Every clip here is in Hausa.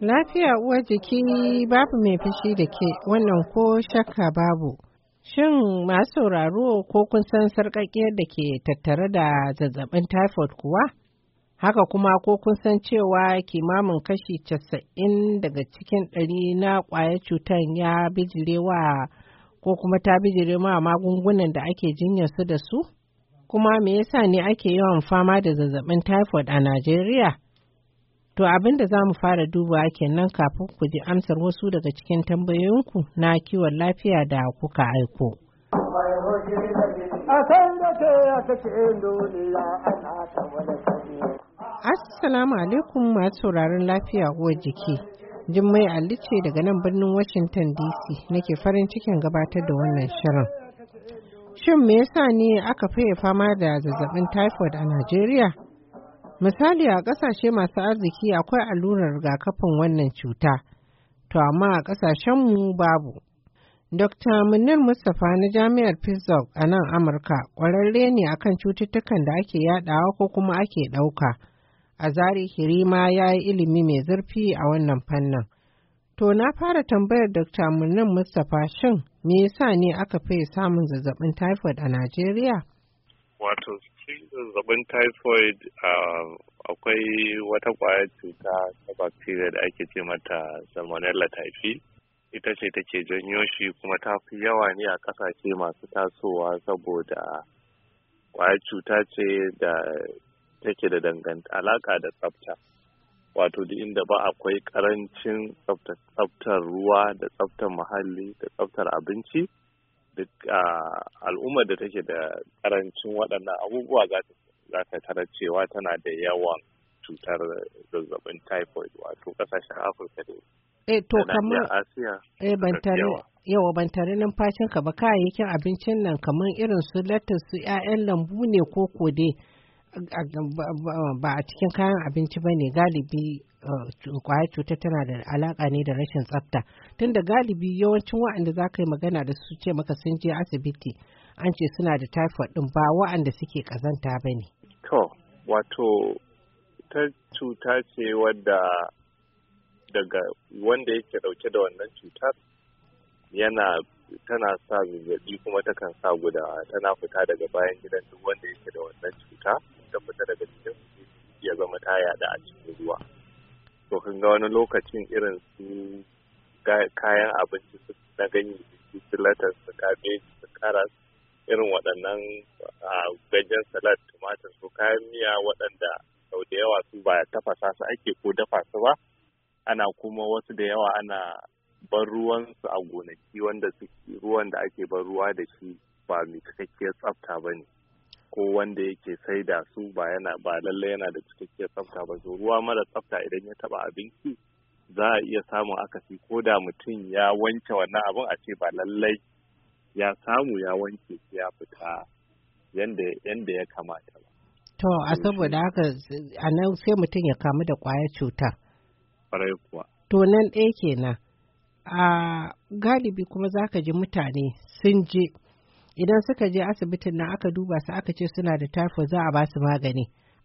Lafiya uwar jiki babu mai fushi da ke wannan ko shakka babu. Shin masu sauraro ko kun san sarƙaƙiyar da ke tattare da zazzabin typhoid kuwa? Haka kuma ko kun san cewa kimamin kashi casa'in daga cikin ɗari na ƙwayar cutar ya bijirewa ko kuma ta bijire ma magungunan da ake jinyar su da su? Kuma me yasa ne ake yawan fama da zazzabin typhoid a Najeriya? To abin da za mu fara dubawa kenan kafin ku ji amsar wasu daga cikin tambayoyinku na kiwon lafiya da kuka aiko. Assalamu alaikum masu sauraron lafiya uwar jiki. Jummai Ali ce daga nan birnin Washington DC nake farin cikin gabatar da wannan shirin. Shin me yasa ne aka fiye fama da zazzabin typhoid a Najeriya? Misali a ƙasashe masu arziki akwai allurar rigakafin wannan cuta, to amma a ƙasashenmu babu. Dr. Munir Mustapha na Jami'ar Pittsburgh a nan Amurka ƙwararre ne a kan cututtukan da ake yaɗawa ko kuma ake ɗauka. a zari Hirima ya yi ilimi mai zurfi a wannan fannin. To na fara tambayar Dr. Murnan Mustapha shin me yasa ne aka fi samun zazzabin typhoid a Najeriya? Wato zazzabin typhoid um, akwai wata ƙwayar cuta ta bacteria da ake ce mata salmonella typhi. Ita ce take janyo shi kuma ta fi yawa ne a ƙasashe masu tasowa saboda ƙwayar cuta ce da take da danganta alaƙa da tsafta. wato da inda ba akwai karancin tsaftar ruwa da tsaftar muhalli da tsaftar abinci duk al'ummar da take da karancin waɗannan abubuwa za ta tara cewa tana da yawan cutar zazzabin typhoid wato ƙasashen afirka da eh to kamar eh ban tare yawa ban tare numfashin ka ba kayayyakin abincin nan kamar irin su lettuce su 'ya'yan lambu ne ko kode ba a cikin kayan abinci ba ne galibi uh, kwayar cuta tana da alaka ne da rashin tsafta tunda galibi yawancin wa'anda za ka yi magana da su ce maka sun je asibiti an ce suna da typhoid din ba wa'anda suke kazanta ba ne. To, wato ta cuta ce wadda daga wanda yake dauke da wannan cutar yana tana sa zazzabi kuma takan sa gudawa tana fita daga bayan gidan duk wanda yake da wannan cuta. ta fita daga cikin ya zama ta yada a cikin ruwa to kun ga wani lokacin irin su kayan abinci su na ganye su silatar su kabeji su karas irin waɗannan gajen salat, tumatir su kayan miya waɗanda sau da yawa su ba tafasa su ake ko dafa su ba ana kuma wasu da yawa ana ban ruwansu a gonaki wanda ruwan da ake ban ruwa da shi ba mai cikakkiyar tsafta ba ne ko wanda yake sai da su ba yana ba lalle yana da cikakkiyar tsafta ba to ruwa mara tsafta idan ya taba abinci za a iya samun akasi ko da mutum ya wanke wannan abin a ce ba lallai ya samu ya wanke ya fita yanda ya kamata ba to a saboda haka a sai mutum ya kamu da kwayar cuta. kwarai kuwa to nan ɗaya kenan a galibi kuma zaka ji mutane sun je idan suka je asibitin nan aka duba su aka ce suna da typhoid za a ba su magani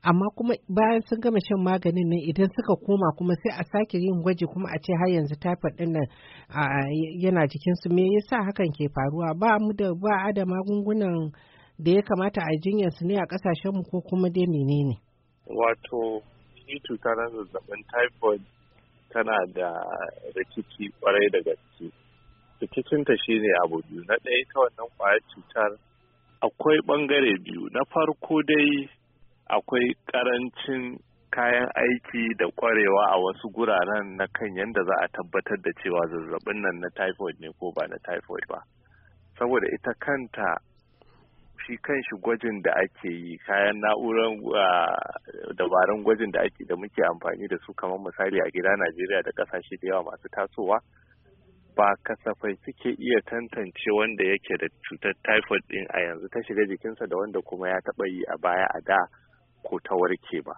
amma kuma bayan sun gama shan maganin nan idan suka koma kuma sai a sake yin gwaji kuma a ce har yanzu typhoid din nan yana jikin su me yasa hakan ke faruwa ba mu da ba a da magungunan da ya kamata a jinyar su ne a kasashen mu ko kuma dai menene wato shi cutar zazzabin typhoid tana da rikici kwarai da gaske rikicinta ne abu biyu na ɗaya ta wannan ƙwayar cutar akwai ɓangare biyu na farko dai akwai ƙarancin kayan aiki da ƙwarewa a wasu guraren na kan yadda za a tabbatar da cewa zazzabin nan na typhoid ne ko ba na typhoid ba saboda ita kanta shi kanshi gwajin da ake yi kayan na'urar dabarun gwajin da ake da muke amfani da su kamar misali a gida najeriya da ƙasashe da yawa masu tasowa ba kasafai suke iya tantance wanda yake da cutar typhoid din a yanzu ta shiga jikinsa da wanda kuma ya taba yi a baya a da ko ta warke ba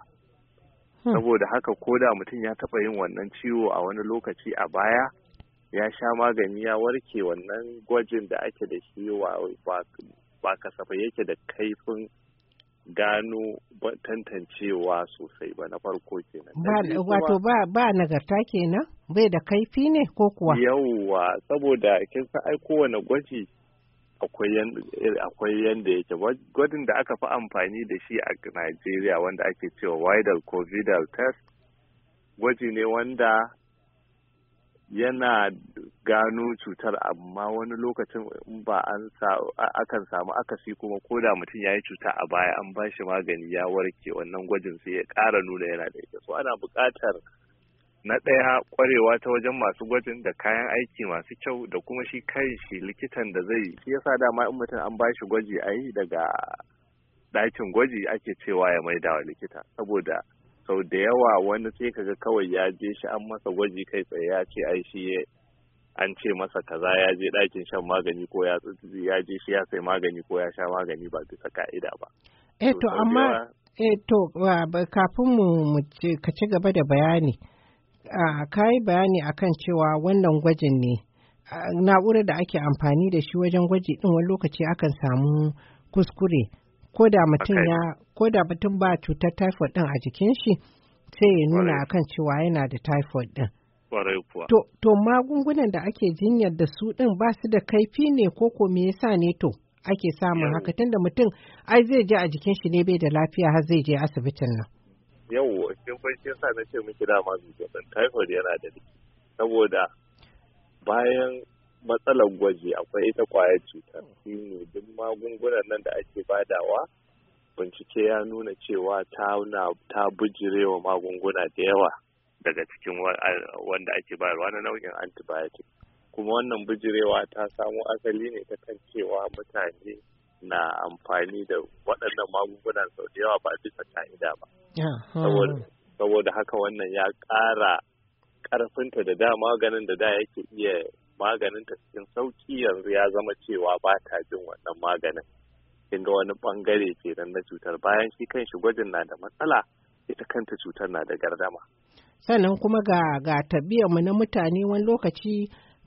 hmm. saboda haka ko da mutum ya taɓa yin wannan ciwo a wani lokaci a baya ya sha magani ya warke wannan gwajin da ake da shi ba kasafai yake da kaifin gano tantancewa sosai ba na farko kenan. Wato ba, ba nagarta kenan bai da kaifi ne ko kuwa? Yawwa saboda kin san ai kowane gwaji akwai eh, yanda yake gwajin da aka fi amfani da shi a Najeriya wanda ake cewa widal covidal test gwaji ne wanda yana gano cutar amma wani lokacin ba an akan samu akasi kuma ko da mutum ya yi cuta a baya an ba shi magani ya warke wannan gwajin sai ya kara nuna yana da ita so ana buƙatar na ɗaya ƙwarewa ta wajen masu gwajin da kayan aiki masu kyau da kuma shi kai shi likitan da zai shi yasa dama in mutum an ba shi gwaji a yi daga ɗakin gwaji ake cewa ya maida wa likita saboda sau da yawa wani sai kaga kawai ya je shi an masa gwaji kai tsaye ya ce ai shi an ce masa kaza ya je ɗakin shan magani ko ya ya je shi ya sai magani ko ya sha magani ba bisa ka'ida ba eh, to amma eh, kafin mu ka ci gaba da bayani ka yi bayani akan cewa wannan gwajin ne na'urar da ake amfani da shi wajen gwaji din wani lokaci akan samu kuskure ko da mutum ya ko da mutum ba cutar typhoid din a jikin shi sai ya nuna akan cewa yana da typhoid din to to magungunan da ake jinyar da su din ba su da kaifi ne ko ko me yasa ne to ake samun haka tunda mutum ai zai je a jikin shi ne bai da lafiya har zai je asibitin nan yawwa kin farce sa na ce miki dama zuciyar typhoid yana da saboda bayan matsalar gwaji akwai ita kwayar cutar shine duk magungunan nan da ake badawa bincike ya nuna cewa ta bijirewa magunguna da yawa daga cikin wanda ake bayarwa na nau'in antibiotic kuma wannan bijirewa ta samo asali ne ta kan cewa mutane na amfani da waɗannan magungunan sau da yawa ba bisa ka'ida ba ah, ah. saboda haka wannan ya ƙara ƙarfinta da dama ganin da da yake iya maganin ta cikin sauki yanzu ya zama cewa ba ta jin wannan maganin kin ga wani bangare nan na cutar bayan shi kanshi gwajin na da matsala ita kanta cutar na da gardama sannan kuma ga ga mu na mutane wani lokaci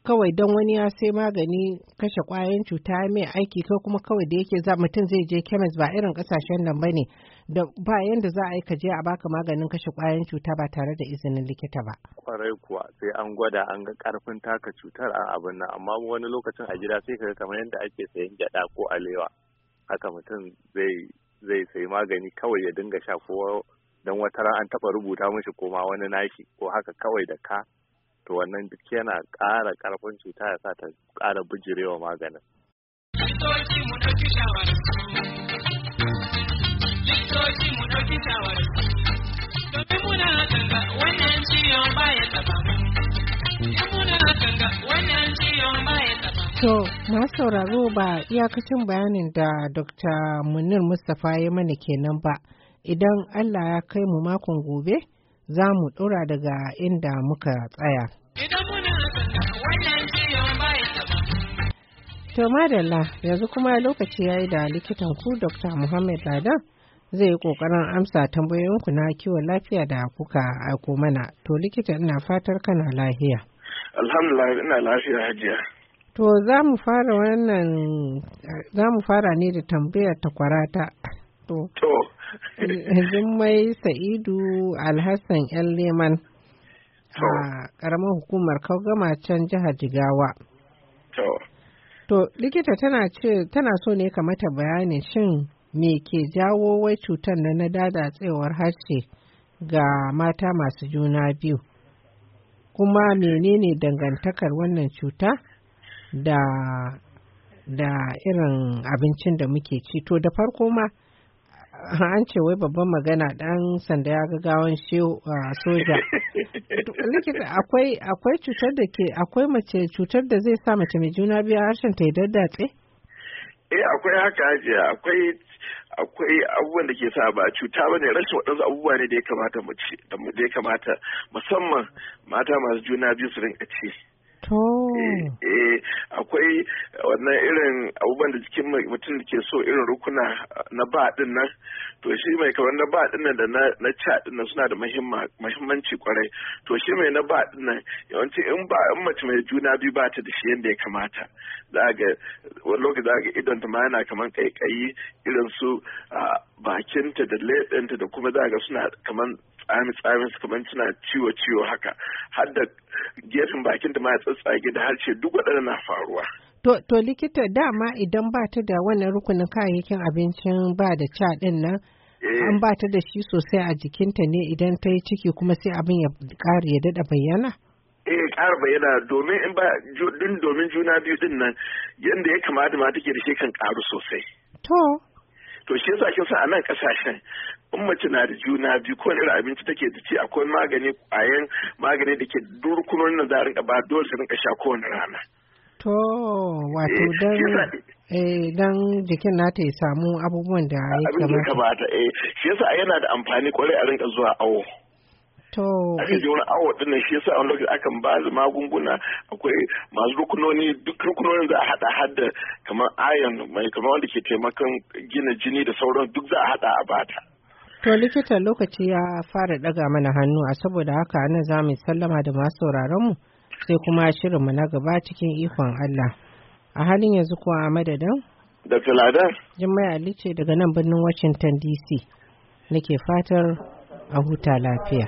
kawai don wani ya sai magani kashe kwayan cuta mai aiki ko kuma kawai da yake za mutum zai je kemis ba irin kasashen nan bane da ba yanda za a yi kaje a baka maganin kashe kwayan cuta ba tare da izinin likita ba kwarai kuwa sai an gwada an ga karfin taka cutar a abin nan amma wani lokacin a gida sai kaga kamar yadda ake sayan gyada ko alewa haka mutum zai zai sayi magani kawai ya dinga sha ko don wata ran an taba rubuta mashi koma wani nashi ko haka kawai da ka to wannan duk yana ƙara ƙarfin cuta ya sa ta ƙara bijirewa maganin. Likitoci To, sauraro ba iyakacin bayanin da Dr. Munir Mustapha ya mana kenan ba, idan Allah ya kai mu makon gobe, za mu tsura daga inda muka tsaya. To madalla yanzu kuma lokaci ya yi da likitan ku Dr. Muhammad Ladan zai yi ƙoƙarin amsa tambayoyinku na kiwon lafiya da kuka aiko mana. To likita ina fatar kana lafiya. Alhamdulillah ina lafiya hajiya. To za mu fara wannan za mu fara ne da tambayar takwarata. To. Jummai Sa'idu Alhassan ‘yan Leman a ƙaramar hukumar Kaugama can jihar Jigawa. To, likita tana ce tana so ne ka mata bayanin shin me ke jawo wai cutar da na dadatsewar harshe ga mata masu juna biyu? Kuma menene dangantakar wannan cuta da da irin abincin da muke ci to da farko ma an ce wai babban magana dan sanda ya ga gawan soja likita akwai akwai cutar da ke akwai mace cutar da zai sa mace mai juna biyu harshen ta daddatse eh akwai haka ajiya. akwai akwai abubuwan da ke sa ba cuta ba ne rashin waɗansu abubuwa ne da ya kamata mace da ya kamata musamman mata masu juna biyu su rinka ce. To. Eh, eh akwai wannan irin abubuwan da jikin mutum da ke so irin rukuna na ba din nan to shi mai kamar na ba din nan da na ca din nan suna da muhimmanci kwarai to shi mai na ba din nan yawanci in ba in mace mai juna biyu ba ta da shi yadda ya kamata za ga wani lokaci za ga idon ta ma yana kamar kaikayi irin su ah, bakinta da leɓenta da kuma za ga suna kamar tsami tsamin su suna ciwo ciwo haka har da gefen bakin da ma ya tsatsage da harshe duk waɗanda na faruwa. To, likita dama idan ba ta da wannan rukunin kayayyakin abincin ba da ca ɗin nan eh. an ba ta da shi sosai a jikinta ne idan ta yi ciki kuma sai abin ya ƙara ya daɗa bayyana? eh ƙara bayyana domin in ba domin juna biyu ɗin nan yadda ya kamata ma take da shi kan ƙaru sosai. To, to shi yasa kin san a nan kasashen in mace na da juna biyu ko irin abinci take da ci akwai magani kwayan magani da ke durkunan na za rinka ba dole su rinka sha kowane rana to wato dan eh dan eh, jikin nata ya samu abubuwan da ya kamata eh shi yasa yana da amfani kwarai a rinka zuwa awo To. Aka ji wani awa din nan shi yasa wani lokaci akan ba da magunguna akwai masu rukunoni duk rukunonin za a hada hada kamar iron mai kamar wanda ke taimakon gina jini da sauran duk za a hada a bata. To likitan lokaci ya fara ɗaga mana hannu a saboda haka ana za mu sallama da masu mu sai kuma shirin mu na gaba cikin ikon Allah. A halin yanzu kuwa a madadin? Da Ladar. Jummai Ali ce daga nan birnin Washington DC. Nake fatar a huta lafiya.